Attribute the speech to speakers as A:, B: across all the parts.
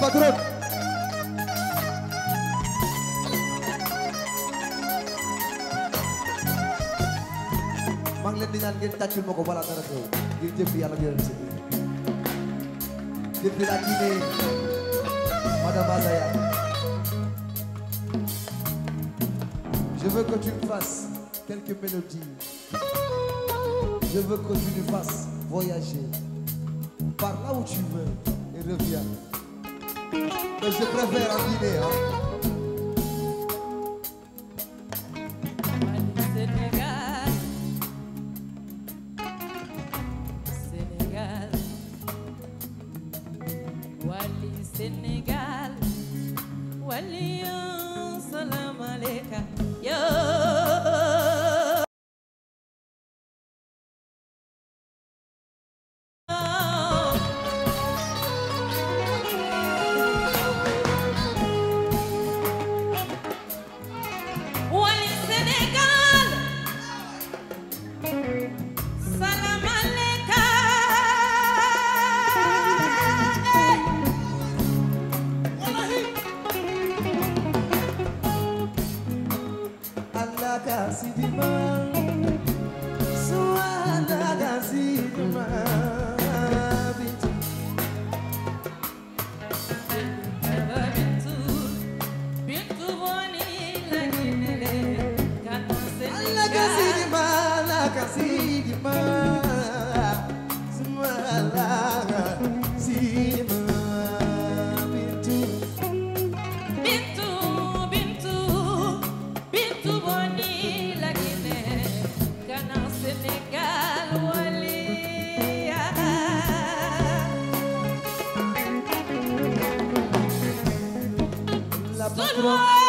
A: patrón. maa ngi leen di ñaan ngeen tàccul ma ko balaa dara xew ngir jëf yàlla ak yonent bi jëf bi laa tiine madame Azaya quelques mélodies je veux que voyager par là où tu veux et reviens Mais je préfère en Guinée, hein. Sénégal waliyo oh, salaamaaleykum yo Pro.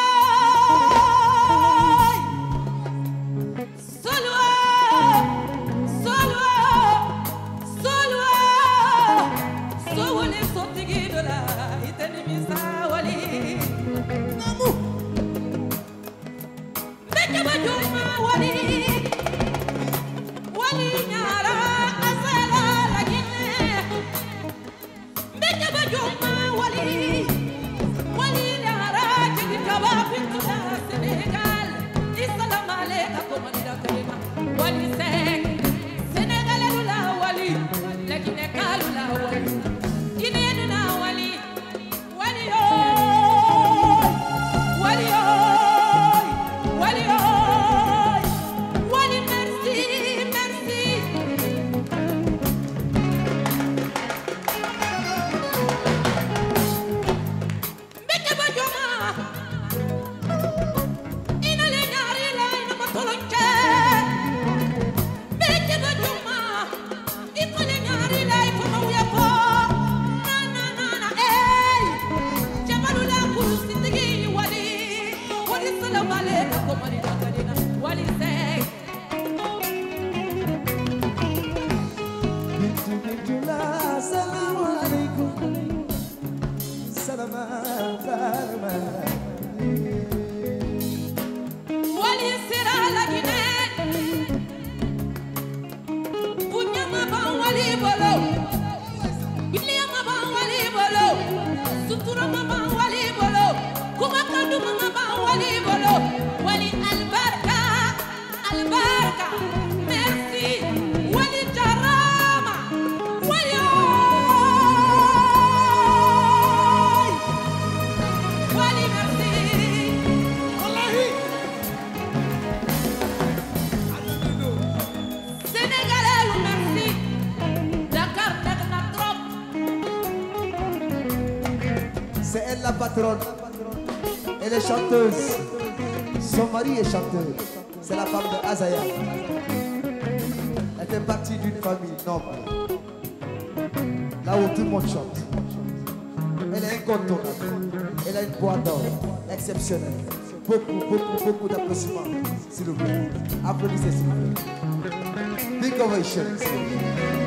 A: C'est elle la patronne. Elle est chanteuse. Son mari est C'est la femme de Azaya. Elle fait partie d'une famille noble. Là où tout le chante. Elle est incontournable. Elle une voix d'or exceptionnelle. Beaucoup, beaucoup, beaucoup d'applaudissements, s'il vous plaît. Applaudissez, s'il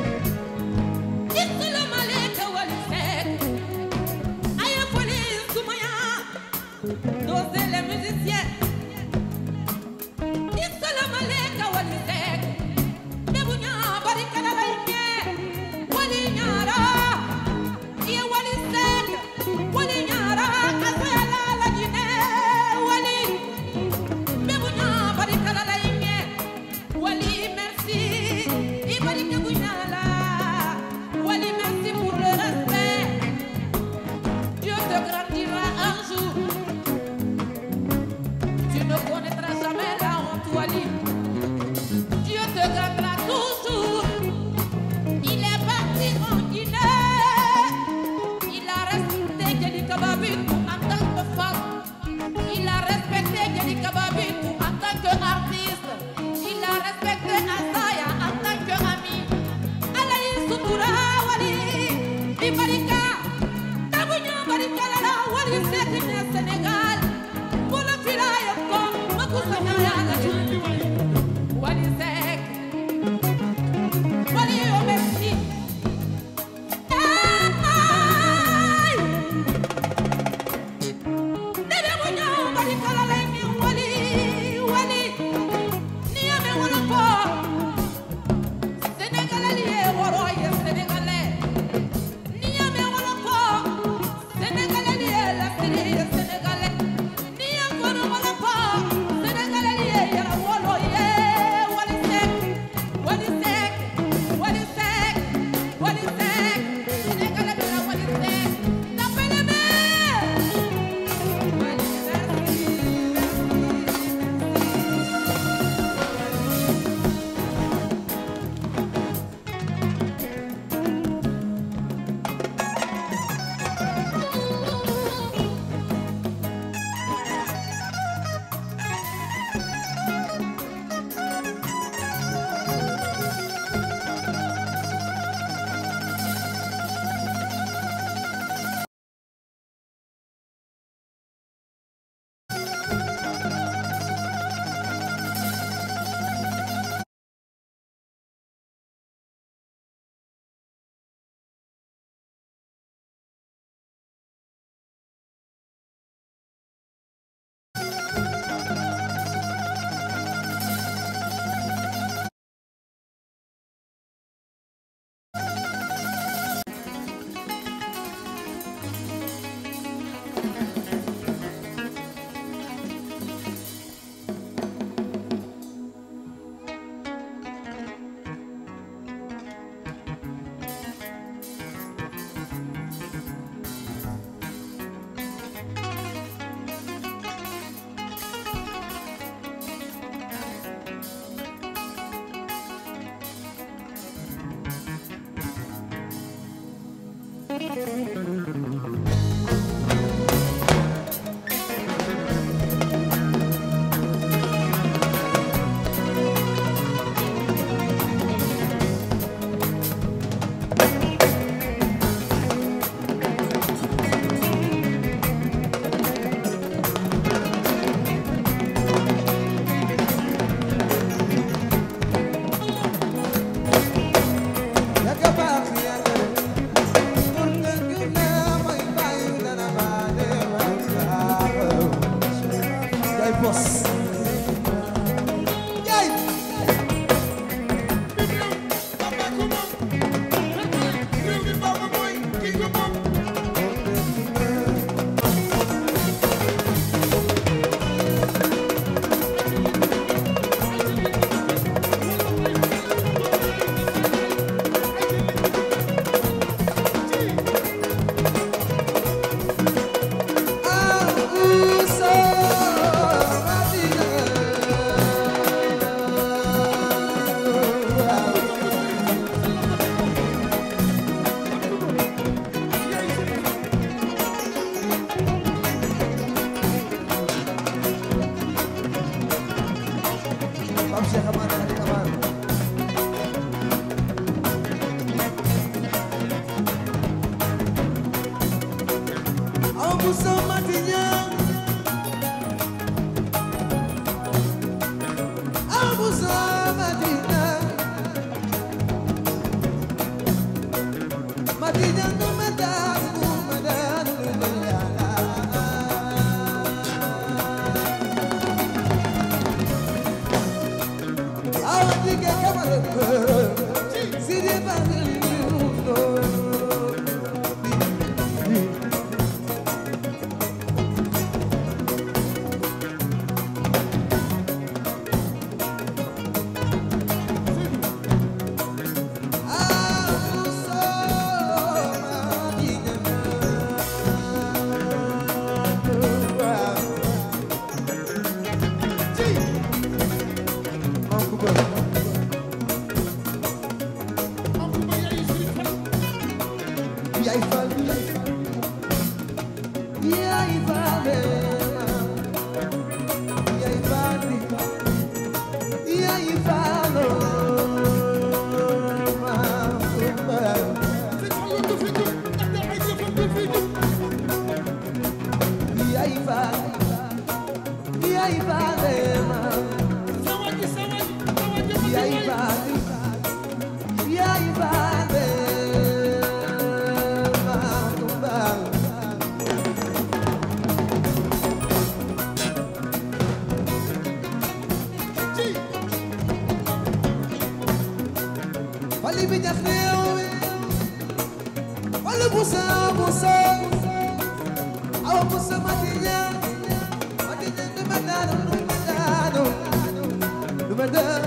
A: life. da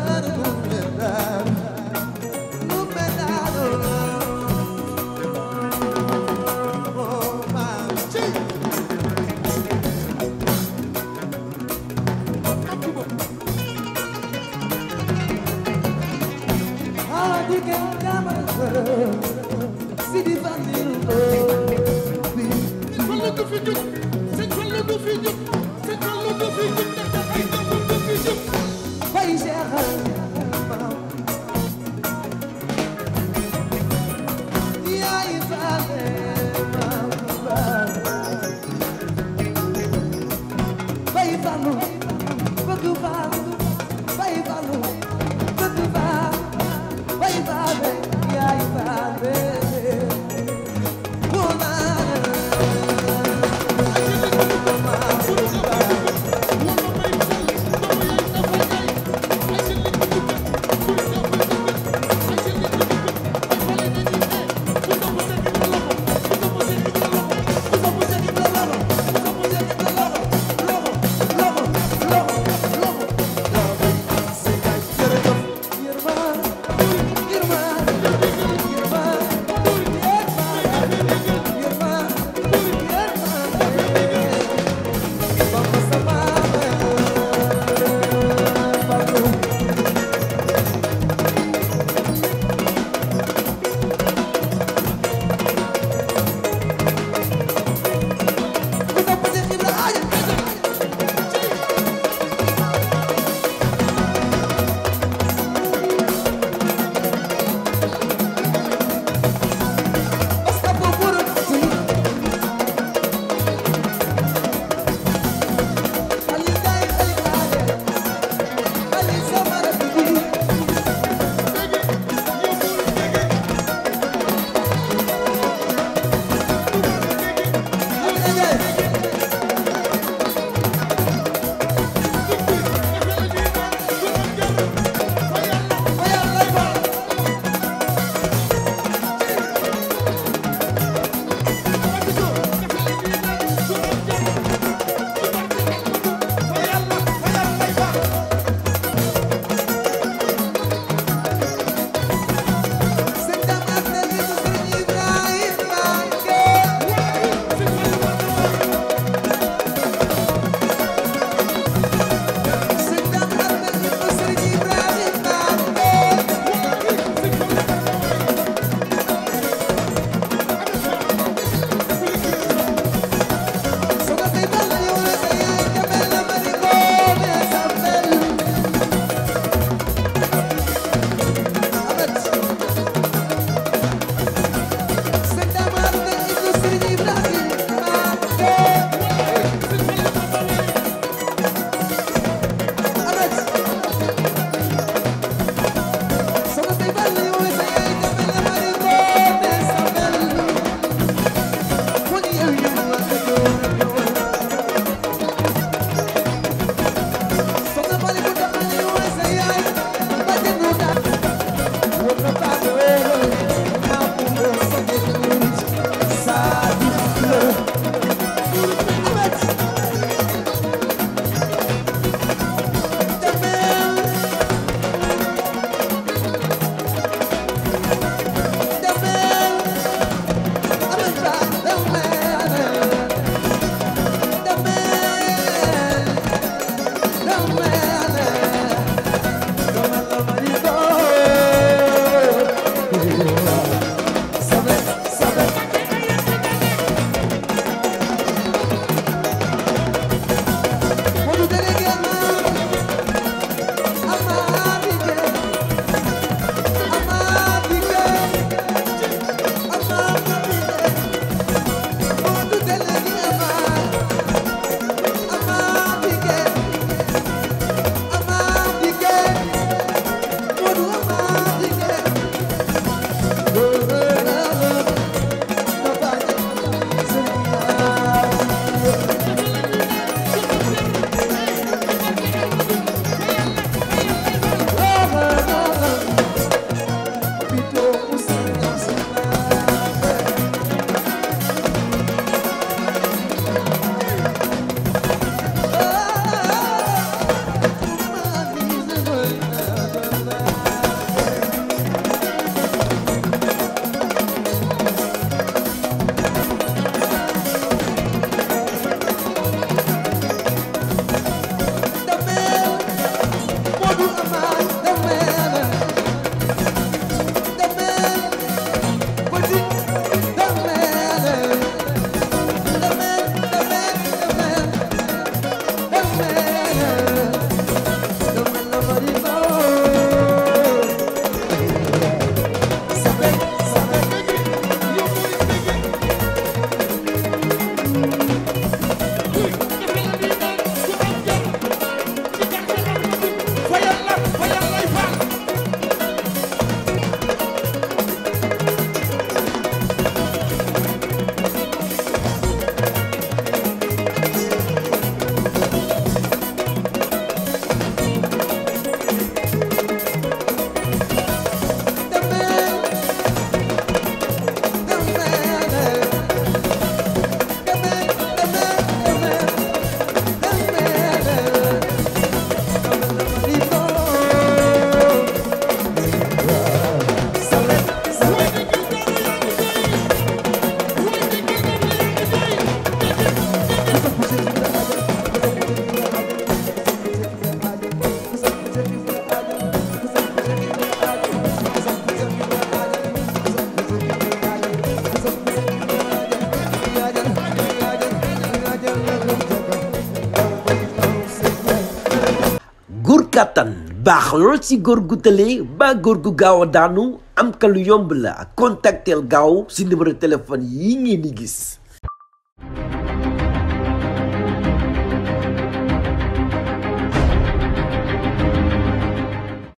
A: baax lool ci góor gu tëlee ba góor gu gaaw a daanu am ka lu yomb la contactel gaaw ci numéro téléphone yi ngeen di gis